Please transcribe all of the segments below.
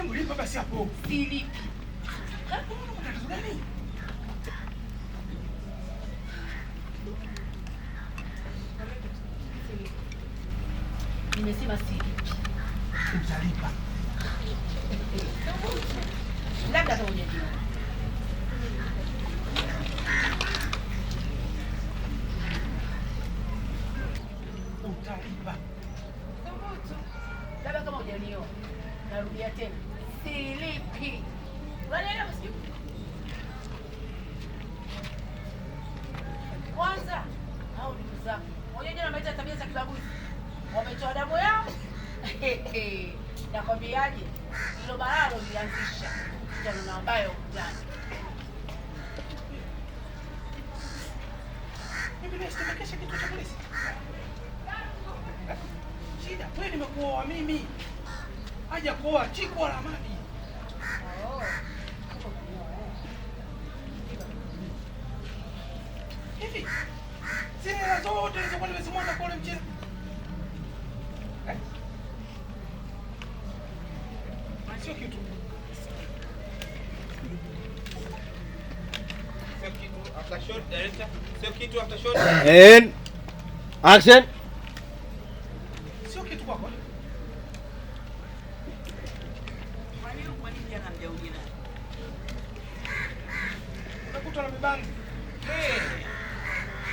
Hebu lipa basi hapo. Silipi. Hapo tatizo gani? Nimesema silipi. Utalipa. Labda Utalipa. Labda kama Narudia tena. Kwanza hao ndugu tabia za kibaguzi, wametoa damu yao. Nakwambiaje, hilo balaa lilianzisha ambayo ndani nimestemekesha kitu cha polisi. Shida nimekuoa mimi, haja kuoa chiku la amani hivi zile hela zote nilizokuwa nimezimwaga kwa ule mcheza eh? sio kitu sio and action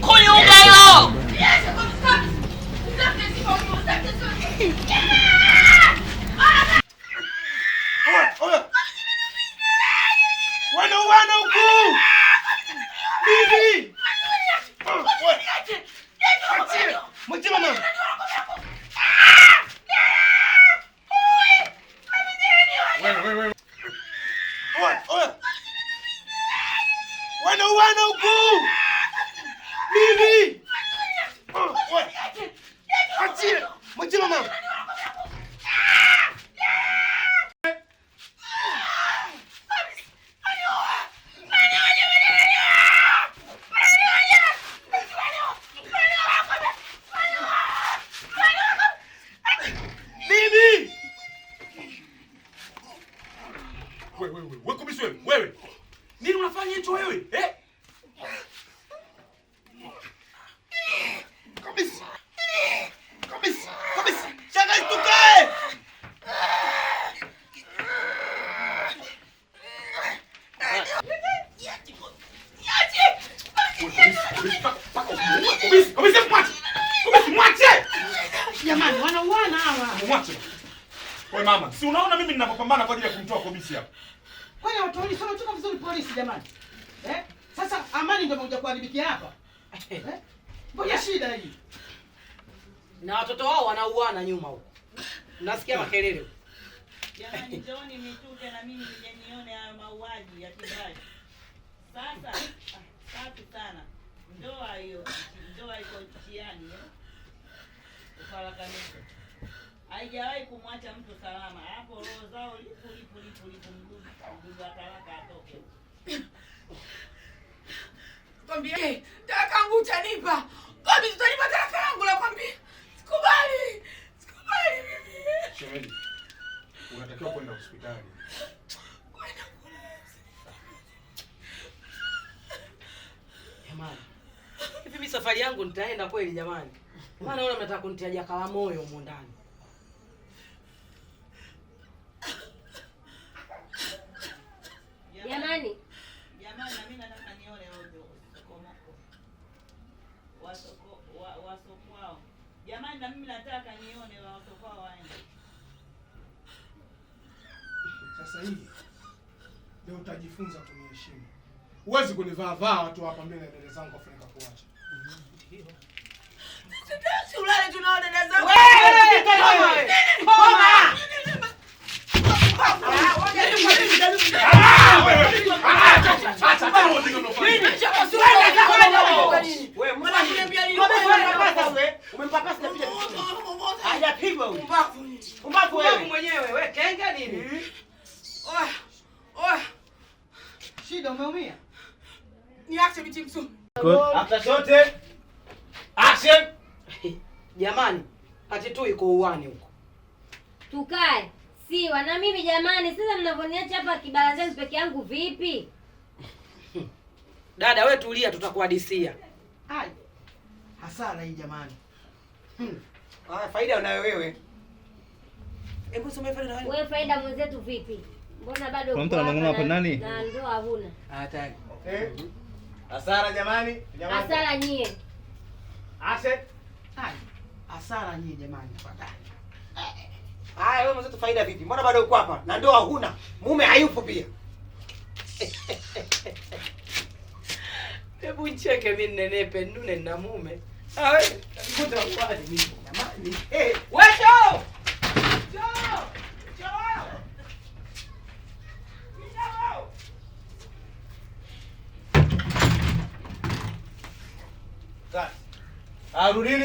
Colheu um gaiola! Mwachilie, mwachilie mama. Wewe, wewe, wewe, wewe, wewe, nini unafanya hicho wewe? Jamani, wanauana Wewe mama, si unaona mimi ninapopambana kwa ajili ya kumtoa Kobisi hapa. Kwani hawataoni sio kutoka vizuri polisi jamani. Eh? Sasa amani ndio mmoja kuharibikia hapa. Eh? Mbona shida hii? Na watoto wao wanauana nyuma huko. Nasikia eh. makelele Jamani, njooni mituke na mimi nijanione haya mauaji ya kizazi. Sasa safi sana. Ndoa hiyo ndoa iko mtiani eh? ufarakanifu, haijawahi kumwacha mtu salama. Hapo roho zao lipo lipo lipo lipo, lipu, mdudu wa talaka atoke. Kwambia talaka yangu utanipa kwambi, tutanipa talaka yangu la kwambi, sikubali, sikubali mimi. Shemedi, unatakiwa kwenda hospitali. jamani. Hivi mimi safari yangu nitaenda kweli jamani? Maana naona kunitia jaka la moyo huko ndani. Jamani. Jamani na mimi nataka nione hojo komoko. Wasoko wa, wasokwao. Jamani na mimi nataka nione wasokwao waende. Sasa hivi ndio utajifunza kuniheshimu. Huwezi kunivaa vaa watu hapa mbele dada zangu kuacha. dada zangu. Shida umeumia? Niache biti msuri. After sote. Action. Jamani, ati tu iko uani huko. Tukae. Siwa na mimi jamani, sasa mnavyoniacha hapa kibarazani peke yangu vipi? Dada we tulia, tutakuhadisia. Ai. Hasara hii jamani. Hmm. Ah, faida unayo wewe. Hebu soma faida wewe. Wewe faida mwenzetu vipi? Mbona bado kwa mtu anang'ona hapo nani? Na ndoa huna. Ah, tayari. Eh. Asara jamani, jamani. Asara nyie. Ase. Hai. Asara nyie jamani fadhali. Haya wewe mzetu faida vipi? Mbona bado uko hapa? Na ndoa huna. Mume hayupo pia. Hebu cheke mimi nenepe nune na mume. Ah wewe, mimi. Jamani, eh. Arurili